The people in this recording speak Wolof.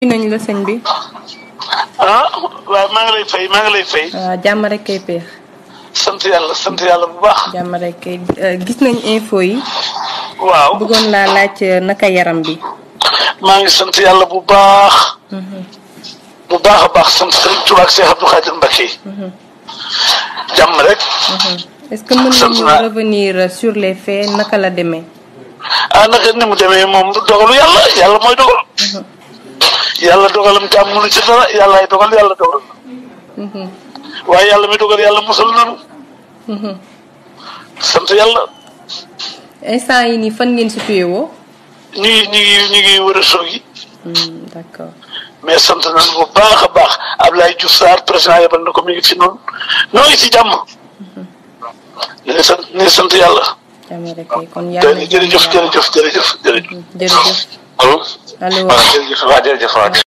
nuyu nañ la sëñ bi. ah waaw maa ngi lay fay maa ngi lay fay. waaw ah, jàmm rek kay peex. sant yàlla sant yàlla bu baax. jàmm rek eh, gis nañ info yi. waaw bëggoon laa laaj eh, naka yaram bi. maa ngi sant yàlla bu baax. Mhm. bu baax a baax sant Sëriñ Tuubaa ak Cheikh Abdou Khadir Mbacké. Mhm. jàmm rek. Mhm. est mën nañu revenir sur les faits naka la demee. ah naka ni mu demee moom dogalu yàlla yàlla mooy dogal. yàlla dogalam te am mënu ci dara yàllaay dogal yàlla dogal na mm-hmm. waaye yàlla mi dogal yàlla musal nanu mm-hmm. sant yàlla instant yi nii fan ngeen situé woo ñu ngi ñu ngi ñu ngi wër a soog yi mm, d'accord mais sant nañu bu baax a baax Ablaye Diouf Sarr président yebal na ko mi ngi fi noonu ñoo ngi jàmm mm-hmm. ñu sant yàlla jërëjëf jërëjëf jërëjëf jërëjëf jërëjëf allo waaw jërëjëf waaw jërëjëf waaw